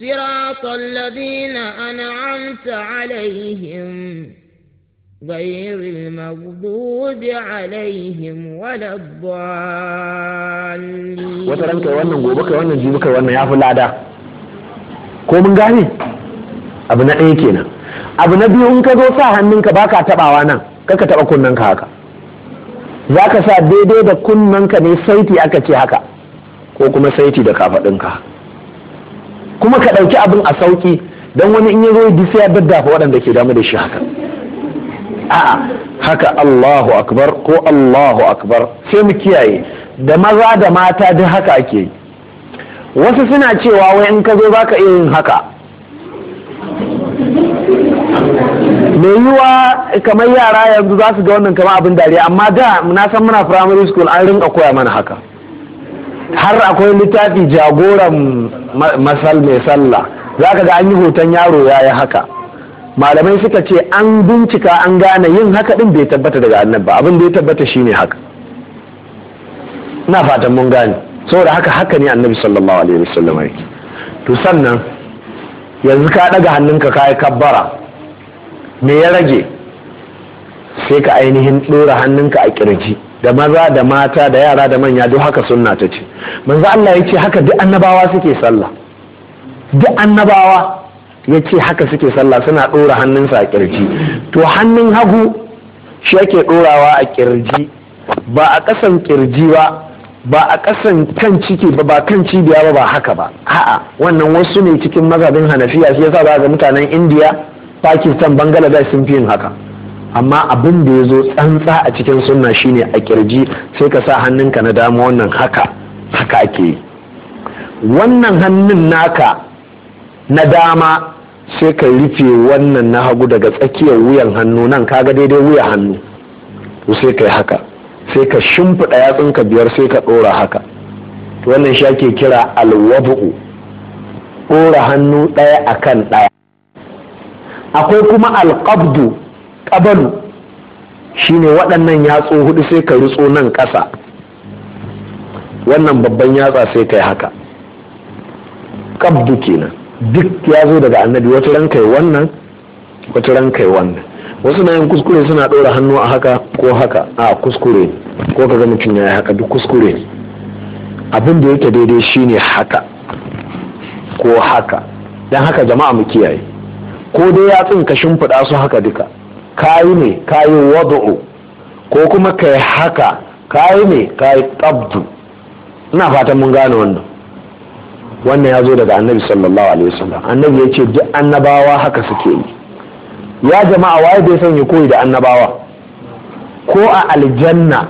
صراط الذين أنعمت عليهم غير المغضوب عليهم ولا الضالين كي wannan wannan lada ko mun gane abu na ɗaya kenan abu na biyu in ka zo sa hannunka baka tabawa nan kaka taɓa kunnanka haka zaka sa daidai da kunnanka ne saiti aka ce haka ko kuma saiti da kafaɗinka. kuma ka ɗauki abin a sauki don wani in ya zo duk sai ya daddafa waɗanda ke damu da shi haka a'a haka Allahu akbar ko Allahu akbar sai mu kiyaye da maza da mata duk haka ake yi wasu suna cewa wai in ka zo za ka iya yin haka mai yiwa kamar yara yanzu za su ga wannan kamar abin dariya amma da na san muna primary school an rinka koya mana haka har akwai littafi jagoran masal mai sallah za ka ga an yi hoton yaro ya yi haka malamai suka ce an bincika an gane yin haka din bai tabbata daga annabba abin da ya tabbata shine haka ina fatan mun gane saboda haka haka ne annabi sallallahu alaihi wasallam to sannan yanzu ka ɗaga hannunka ka yi kabbara me ya rage sai ka ainihin dora hannunka a ƙirji. da maza da mata da yara da manya duk haka sunna ta ce manzo Allah ya ce haka duk annabawa suke sallah duk annabawa ya ce haka suke sallah suna ɗora hannunsa a kirji to hannun hagu shi ake ɗorawa a kirji ba a ƙasan kirji ba ba a ƙasan kan ciki ba ba kan cibiya ba ba haka ba a'a wannan wasu ne cikin mazhabin hanafiya shi yasa ba ga mutanen indiya pakistan bangladesh sun fi yin haka amma abin da ya zo tsantsa a cikin sunna shine a kirji sai ka sa hannunka na dama wannan haka haka ake yi wannan hannun naka na dama sai ka rufe wannan na hagu daga tsakiyar wuyan hannu nan kaga daidai wuya hannu to sai ka haka sai ka shimfiɗa yatsunka biyar sai ka ɗora haka to wannan shi ake kira alwabu ɗora hannu ɗaya akan ɗaya akwai kuma alqabdu ƙabalu shine waɗannan yatsu hudu sai ka rutso nan ƙasa wannan babban yatsa sai kai haka ƙabdu kenan duk ya zo daga annabi wata ran kai wannan wata ran kai wannan wasu na yin kuskure suna ɗora hannu a haka ko haka a kuskure ko ka ga mutum ya haka duk kuskure abin da yake daidai shine haka ko haka don haka jama'a mu kiyaye ko dai yatsun ka shimfiɗa su haka duka kayi ne kayi wadu'u ko kuma kai haka kayi ne kayi qabdu ina fatan mun gane wannan wannan ya zo daga annabi sallallahu alaihi wasallam annabi ya ce duk annabawa haka suke yi ya jama'a waye bai sanya koyi da annabawa ko a aljanna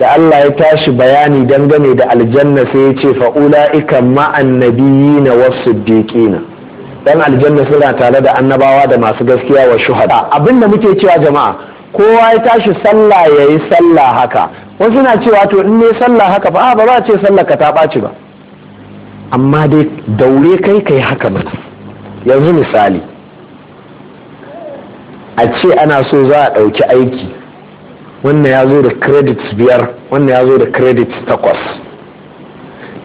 da Allah ya tashi bayani dangane da aljanna sai ya ce ula'ika ma'an nabiyina was siddiqina dan aljanna suna tare da annabawa da masu gaskiya wa shuhada da muke cewa jama'a kowa ya tashi sallah ya yi sallah haka wasu na cewa to in ne sallah haka ba ah, ba za a ce sallah ka ta ɓaci ba amma dai daure kai kai haka mana yanzu misali a ce ana so za a ɗauki aiki wannan ya zo da credits biyar wannan ya zo da credits takwas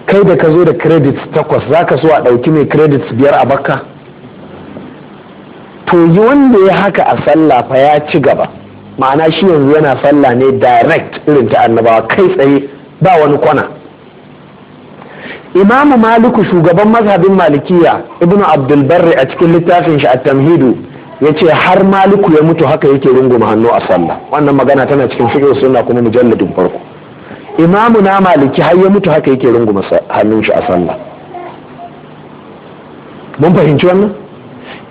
kai da ka zo da credits takwas za ka so a ɗauki mai credits biyar a baka? to yi wanda ya haka a sallah fa ya ci gaba ma'ana shi yanzu yana sallah ne direct irin ta annabawa kai tsaye ba wani kwana imamu maliku shugaban mazhabin malikiya ibnu abdulbarri a cikin littafin shi a tamhidu ya ce har maliku ya mutu haka yake runguma hannu a sallah wannan magana tana cikin fiƙe suna kuma mujalladin farko imamu na maliki har ya mutu haka yake runguma hannun shi a sallah mun fahimci wannan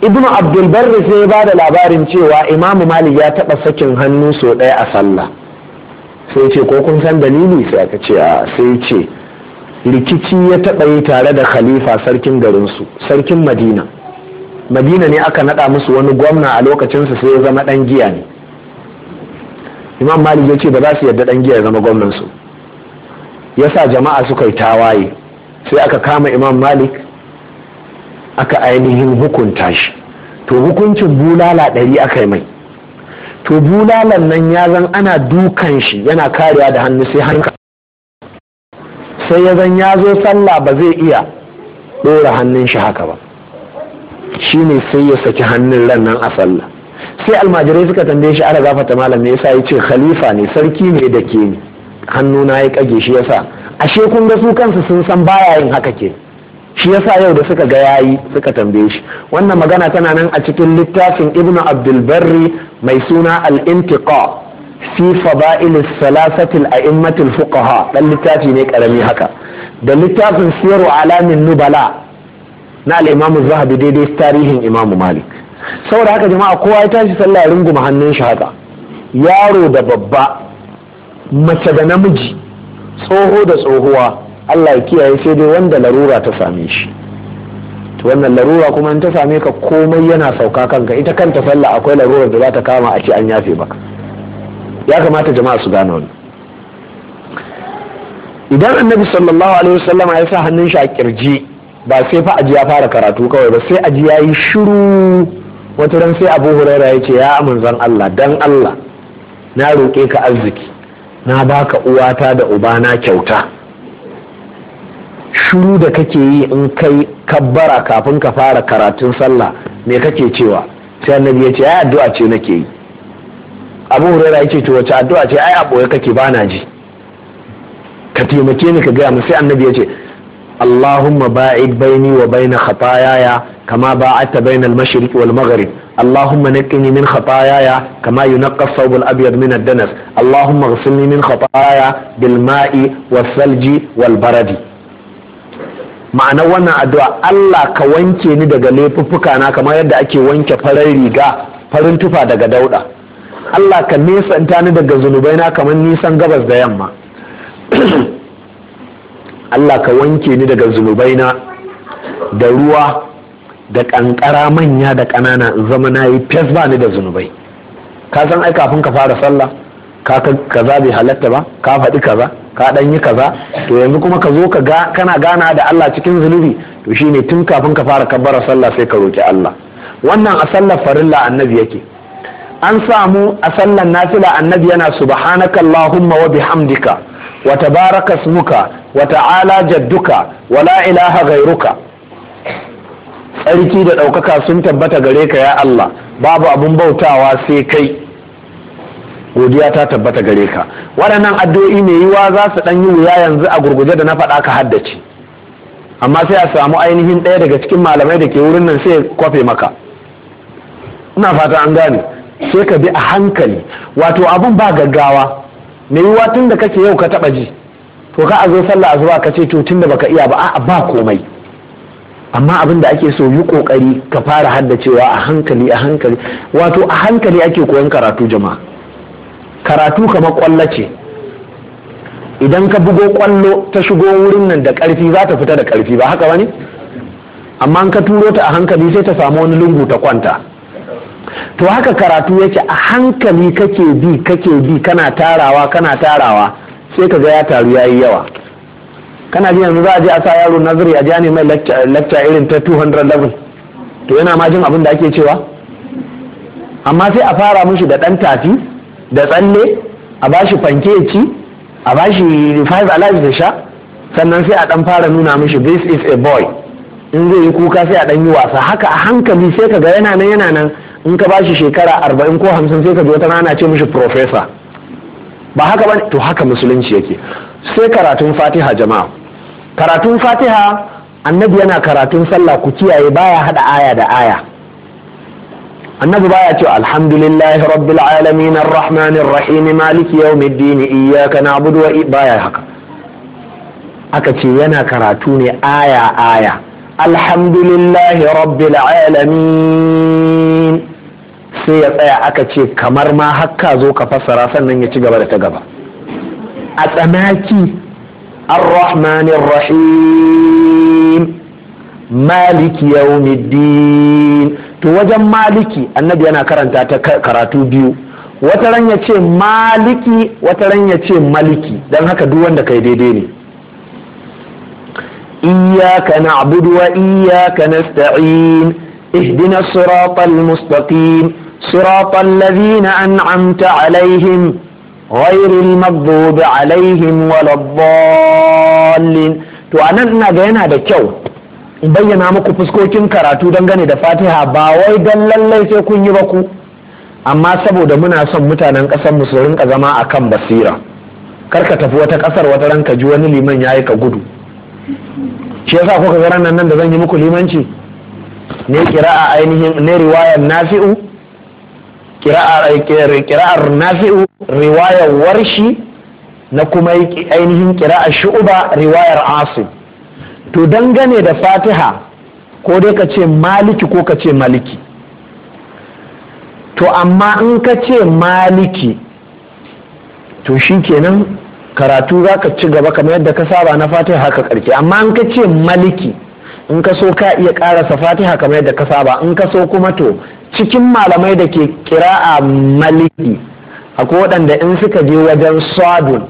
ibn abdul barri sai ya bada labarin cewa imamu malik ya taba sakin hannu sau ɗaya a sallah sai ce ko kun san dalili sai aka ce a sai ce rikici ya taba yi tare da khalifa sarkin garinsu sarkin madina madina ne aka nada musu wani gwamna a lokacinsa sai ya zama dan giya ne imam malik ya ce ba za su yarda dan giya ya zama gwamnansu Ya sa jama'a suka yi tawaye sai aka kama imam malik aka ainihin hukunta shi to hukuncin bulala ɗari aka yi mai to bulalan nan ya zan ana dukan shi yana kariya da hannu sai hanka sai ya zan ya zo sallah ba zai iya ɗora hannun shi haka ba shi ne sai ya saki hannun ran nan a sallah sai almajirai suka tambaye shi ara gafata malam ne yasa ya ce khalifa ne sarki ne da ke ni hannuna ya kage shi yasa ashe kun ga su kansu sun san baya yin haka ke shi yasa yau da suka ga yayi suka tambaye shi wannan magana tana nan a cikin littafin ibnu abdul barri mai suna al-intiqa fi fada'il salasati al-a'immat al-fuqaha dan littafi ne karami haka da littafin siyaru alamin nubala na al-imam zahabi daidai tarihin imam malik saboda haka jama'a kowa ya tashi sallah ya runguma hannun shi haka yaro da babba mace da namiji tsoho da tsohuwa Allah ya kiyaye sai dai wanda larura ta same shi to wannan larura kuma in ta same ka komai yana sauka kanka ita kanta sallah akwai larurar da za ta kama a ce an yafe maka ya kamata jama'a su gane ni. idan annabi sallallahu alaihi wasallam ya sa hannun shi a kirji ba sai fa aji ya fara karatu kawai ba sai aji ya shiru wata ran sai abu huraira ya ce ya manzon Allah dan Allah na roke ka arziki na baka uwata da ubana kyauta shuru da kake yi in kai kabbara kafin ka fara karatun sallah me kake cewa sai annabi ya ce ai addu'a ce nake yi abu hurera yake ce to wace addu'a ce ai a boye kake bana ji ka taimake ni ka gaya mu sai annabi ya ce اللهم باعد بيني وبين خطاياي كما باعدت بين المشرق والمغرب اللهم نقني من خطاياي كما ينقى الثوب الابيض من الدنس اللهم اغسلني من خطاياي بالماء والثلج والبرد ma'ana wannan addu'a Allah ka wanke ni daga laifuffuka na kamar yadda ake wanke farar riga farin tufa daga dauda Allah ka nesanta ni daga zunubai na kamar nisan gabas da yamma Allah ka wanke ni daga zunubaina da ruwa da ƙanƙara manya da ƙanana in zama na yi fes ba ni da zunubai ka san ai kafin ka fara sallah ka kaza bai halatta ba ka faɗi kaza ka ɗan yi kaza to yanzu kuma ka zo ka ga kana gana da Allah cikin zunubi to shine tun kafin ka fara kabbara sallah sai ka roki Allah wannan a sallar farilla annabi yake an samu a sallar nafila annabi yana subhanakallahumma wa bihamdika وتبارك اسمك وتعالى جدك ولا jadduka wa tsarki da ɗaukaka sun tabbata gare ka ya Allah babu abun bautawa sai kai godiya ta tabbata gare ka waɗannan addu'o'i mai yiwa za su ɗan yi wuya yanzu a gurguje da na faɗa ka haddace amma sai a samu ainihin ɗaya daga cikin malamai da ke wurin nan sai kwafe maka ina fata an gane sai ka bi a hankali wato abun ba gaggawa me yiwa tun da kake yau ka taɓa ji to ka a zo sallah a ka ce to tun da baka iya ba a ba komai amma abin da ake so yi kokari ka fara haddacewa a hankali a hankali wato a hankali ake koyon karatu jama'a karatu kamar kwallo ce idan ka bugo kwallo ta shigo wurin nan da karfi za ta fita da karfi ba haka bane amma in ka turo ta a hankali sai ta samu wani lungu ta kwanta to haka karatu yake a hankali kake bi kake bi kana tarawa kana tarawa sai ka ga ya taru yayi yawa kana jin yanzu za a je a sa yaro nazari a jani mai lacca irin ta 200 to yana ma jin abin da ake cewa amma sai a fara mushi da ɗan tafi da tsalle a bashi fanke ci a bashi five alive da sha sannan sai a ɗan fara nuna mushi this is a boy in zai yi kuka sai a ɗan yi wasa haka a hankali sai ka ga yana nan yana nan in ka ba shi shekara arba'in ko hamsin sai ka ji ta rana ce mishi profesa ba haka ba to haka musulunci yake sai karatun fatiha jama'a karatun fatiha annabi yana karatun sallah ku kiyaye baya hada aya da aya annabi baya ce alhamdulillahi rabbil alamin arrahmanir rahim maliki yawmiddin iyyaka na'budu wa baya haka aka ce yana karatu ne aya aya alhamdulillahi rabbil alamin sai ya tsaya aka ce kamar ma hakka zo ka fassara sannan ya ci gaba da ta gaba a tsanaki ar-rahmanir rahim maliki yawmiddin to wajen maliki annabi yana karanta ta karatu biyu wata ran ya ce maliki wata ran ya ce maliki don haka duk wanda kai daidai ne iyyaka na'budu wa iyaka nasta'in ihdina siratal mustaqim صراط الذين أنعمت عليهم غير المغضوب عليهم ولا الضالين to anan ina ga yana da kyau in bayyana muku fuskokin karatu dangane da fatiha ba wai don lallai sai kun yi ba ku amma saboda muna son mutanen ƙasar su rinka zama a kan basira kar ka tafi wata ƙasar wata ranka ji wani liman ya yi ka gudu shi yasa kuka ga ranar nan da zan yi muku limanci ne kira a ainihin ne riwayar nafi'u Eh, kira'ar nafi'u riwayar warshi na kuma ainihin kira'ar shu'uba riwayar asim to dangane da fatiha ko dai ka ce maliki ko ka ce maliki to amma in ka ce maliki to shi kenan karatu za ka ci gaba kamar yadda ka saba na fatiha haka karke amma in ka ce maliki in ka so ka iya karasa fatiha kamar yadda ka saba in ka so kuma to cikin malamai da ke kira a maliki akwai waɗanda in suka je wajen sadun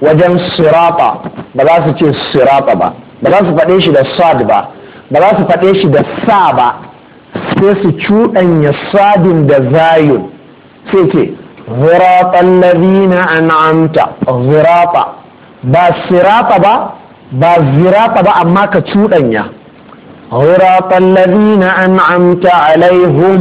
wajen sirafa, ba za su ce sirata ba ba za su faɗe shi da sad ba ba za su faɗe shi da sa ba sai su cuɗanya sadin da zayun sai ce ziratan ladina an'amta zirata ba sirafa ba ba zirata ba amma ka cuɗanya صراط الذين أنعمت عليهم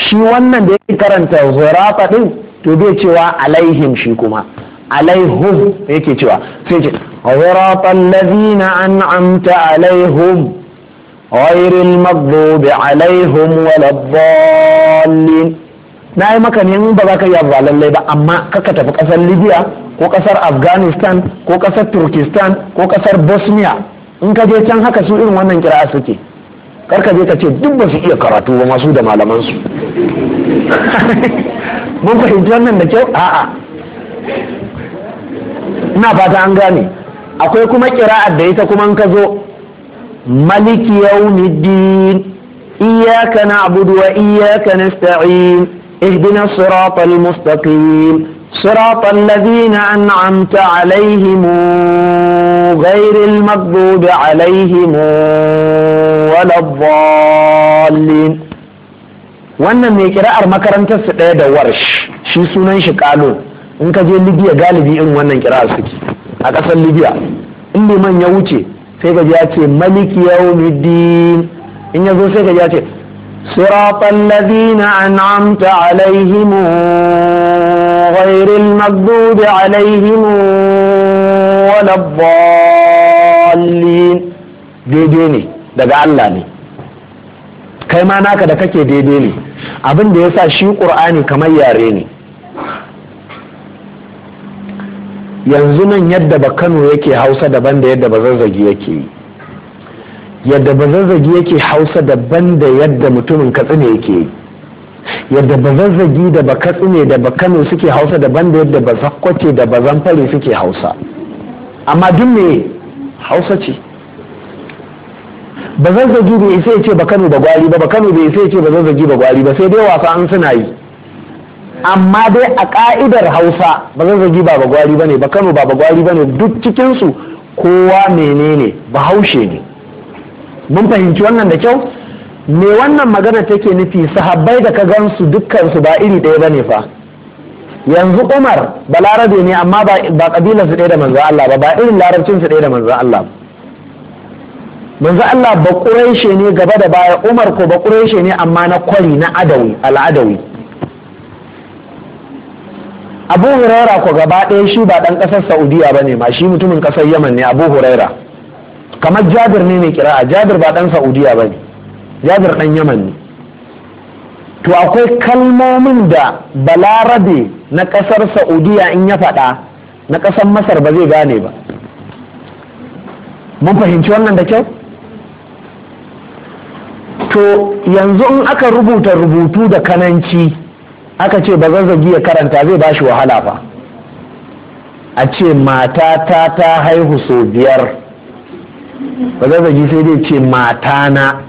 shi wannan da yake karanta zurata din to bai cewa alaihim shi kuma alaihum yake cewa sai ce zurata allazina an'amta alaihum ghairil maghdubi alaihim waladdallin na yi maka ne ba za ka yi abu lallai ba amma kaka tafi kasar libya ko kasar afghanistan ko kasar turkistan ko kasar bosnia in ka je can haka su irin wannan kira suke kar ka je ka ce duk ba su iya karatu ba masu da malaman su mun fahimci wannan da kyau a'a ina fata an gane akwai kuma kira'ar da ita kuma in ka zo maliki yawmiddin iyyaka na'budu wa iyyaka nasta'in اهدنا الصراط mustaqim. صراط الذين أنعمت عليهم غير المغضوب عليهم ولا الضالين wannan mai kira'ar makarantar su ɗaya da warsh shi sunan shi kalo in ka je libya galibi irin wannan kira'ar suke a ƙasar libya in liman ya wuce sai ka ya ce maliki yawmiddin in ya zo sai ka ya ce siratal ladina an'amta alaihim غير المغضوب عليهم ولا الضالين daidai ne daga Allah ne kai ma naka da kake daidai ne abin da shi ƙur'ani kamar yare ne yanzu nan yadda ba kano yake hausa daban da yadda ba yake yi yadda ba yake hausa daban da yadda mutumin katsina yake yi yadda ba zazzagi da ba katsine da ba kano suke hausa daban da yadda ba zakwace da ba zamfare suke hausa amma duk me hausa ce ba zazzagi bai isa ya ce ba kano ba gwari ba ba kano bai isa ya ce ba zazzagi ba gwari ba sai dai wasa an suna yi amma dai a ka'idar hausa ba zazzagi ba ba gwari ba ne ba kano ba ba gwari ba ne duk cikinsu kowa menene bahaushe ne mun fahimci wannan da kyau me wannan magana take nufi sahabbai da ka gansu dukkansu ba iri ɗaya bane fa yanzu umar ba larabe ne amma ba kabilar su ɗaya da manzo Allah ba ba irin larabcin su ɗaya da manzo Allah manzo Allah ba ƙureshe ne gaba da baya umar ko ba ƙureshe ne amma na kwari na adawi al'adawi abu huraira ko gaba ɗaya shi ba ɗan ƙasar saudiya ba ma shi mutumin ƙasar yaman ne abu huraira kamar jabir ne mai kira'a jabir ba ɗan saudiya ba jabir dan yaman ne to akwai kalmomin da balarabe na ƙasar Sa'udiyya in ya faɗa na ƙasar masar ba zai gane ba mun fahimci wannan da kyau to yanzu in aka rubuta rubutu da kananci aka ce ba zazzagi ya karanta zai bashi wahala ba a ce mata ta ta haihu sau biyar ba zazzagi sai dai ce mata na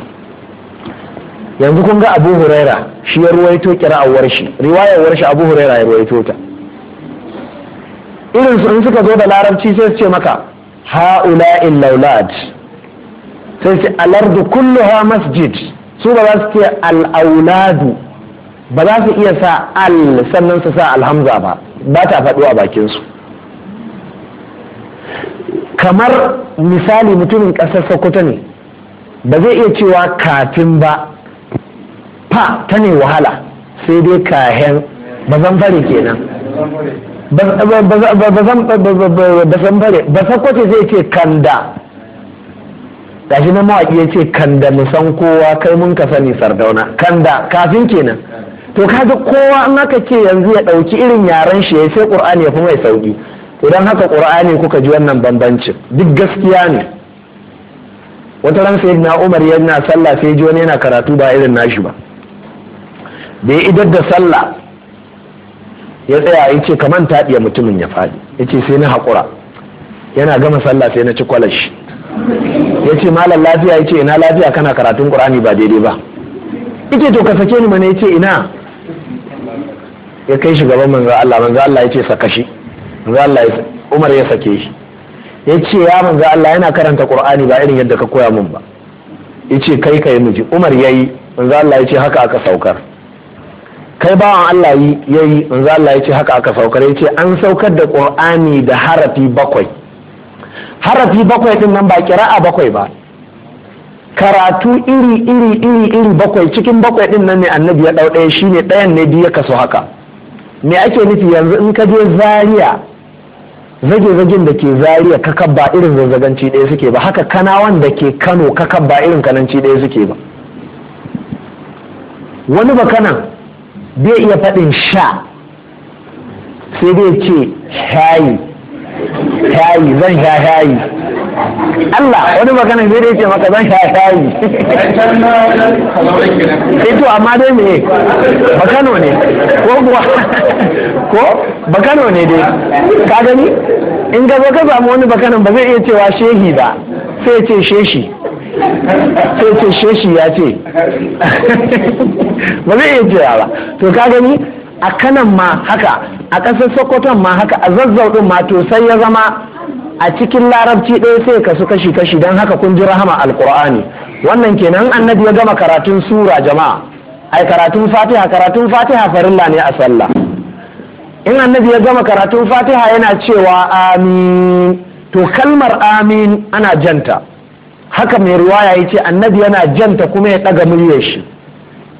yanzu kun ga abu huraira shi ya ruwaito kira'awar shi riwayawar shi abu huraira ya ruwaito ta irin su in suka zo da larabci sai su ce maka haula laulad sai su alardu kulluha masjid su ba za su ce al'auladu ba za su iya sa al sannan su sa alhamza ba ba ta faɗo a bakinsu kamar misali mutumin ƙasar sokoto ne ba zai iya cewa kafin ba fa ta ne wahala sai dai kahen bazan fare kenan bazan fare ba kwace zai ce kanda gashi na mawaƙi ya ce kanda mu san kowa kai mun ka sani sardauna kanda kafin kenan to kaga kowa an aka ce yanzu ya ɗauki irin yaren shi ya sai ƙur'ani ya fi mai sauƙi idan haka ƙur'ani kuka ji wannan bambancin duk gaskiya ne wata ran na umar yana sallah sai ji wani yana karatu ba irin nashi ba da ya idar da sallah ya tsaya ya ce kaman taɗiya mutumin ya faɗi ya ce sai na haƙura yana gama sallah sai na ci kwalashi ya ce malam lafiya ya ce ina lafiya kana karatun ƙur'ani ba daidai ba ita to ka sake ni mana ya ce ina ya kai shi gaban manzo Allah manzo Allah ya ce saka shi manzo Allah Umar ya sake shi ya ce ya manzo Allah yana karanta ƙur'ani ba irin yadda ka koya min ba ya ce kai kai miji Umar ya yi manzo Allah ya ce haka aka saukar kai bawan Allah ya yi manzo Allah ya ce haka aka saukar ya ce an saukar da ƙur'ani da harafi bakwai harafi bakwai din nan ba kira'a bakwai ba karatu iri iri iri iri bakwai cikin bakwai din nan ne annabi ya ɗau ɗaya shine ɗayan ne biyu ya kaso haka me ake nufi yanzu in ka je zaria zage-zagen da ke zaria ka ba irin zazzaganci ɗaya suke ba haka kanawan da ke kano ka ba irin kananci daya suke ba wani bakanan bai iya faɗin sha sai dai ce shayi shayi zan sha shayi Allah wani magana zai dai ce maka zan sha shayi sai eh to amma dai me bakano ne ko kuwa ko bakano ne dai ka gani in ga ka samu wani bakanan ba zai iya cewa shehi ba sai ce sheshi sai ce sheshi ya ce ba zai iya cewa ba to ka gani a kanan ma haka a ƙasar sokoton ma haka a zazzau ɗin ma to sai ya zama a cikin larabci ɗaya sai kasu kashi kashi don haka kun ji rahama Alƙur'ani. wannan kenan annabi ya gama karatun sura jama'a ai karatun fatiha karatun fatiha farilla ne a sallah in annabi ya gama karatun fatiha yana cewa amin to kalmar amin ana janta haka mai riwaya ya ce annabi yana janta kuma ya ɗaga muryar shi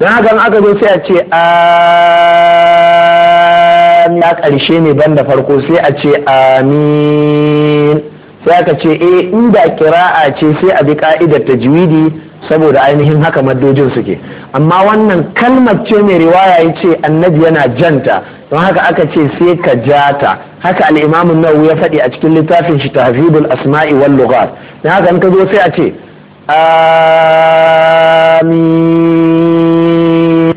don haka in aka zo sai a ce amin ya ƙarshe ne ban da farko sai a ce amin sai aka ce eh inda kira'a ce sai a bi ka'idar tajwidi saboda ainihin haka maddojin suke amma wannan kalmar ce mai riwaya ya ce annabi yana janta don haka aka ce sai ka jata haka al'imamun nawawi ya faɗi a cikin littafin shi ta tahzibul asma'i wal lughat don haka in ka zo sai a ce amin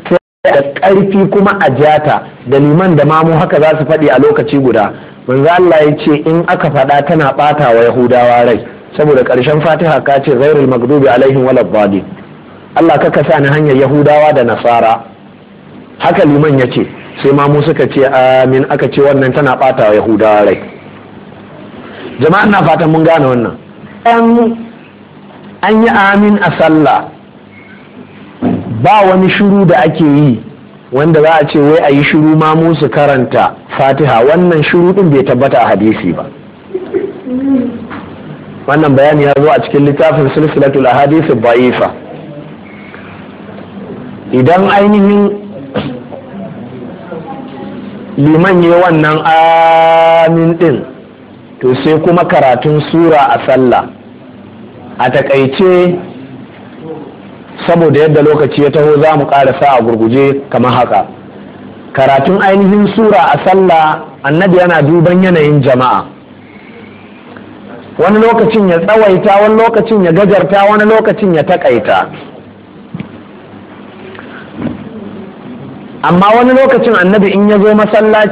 da ƙarfi kuma a jata da liman da mamu haka za su faɗi a lokaci guda manzo Allah ya ce in aka faɗa tana ɓata wa yahudawa rai saboda ƙarshen fatiha ka ce Zairul alaihin alaihim waladdallin Allah ka kasa ni hanyar yahudawa da nasara haka liman ya ce sai ma mu suka ce amin aka ce wannan tana bata wa yahudawa rai jama'an na fatan mun gane wannan an yi amin a sallah ba wani shiru da ake yi wanda za a ce wai a yi shiru ma musu karanta fatiha wannan shiru din bai tabbata a hadisi ba wannan bayani ya zo a cikin littafin silsilatul ahadith ba'ifa idan ainihin liman ya wannan amin din to sai kuma karatun sura a sallah a takaice saboda yadda lokaci ya taho za mu karasa a gurguje kamar haka karatun ainihin sura a sallah annabi yana duban yanayin jama'a wani lokacin ya tsawaita wani lokacin ya gajarta wani lokacin ya takaita amma wani lokacin annabi in ya zo masallaci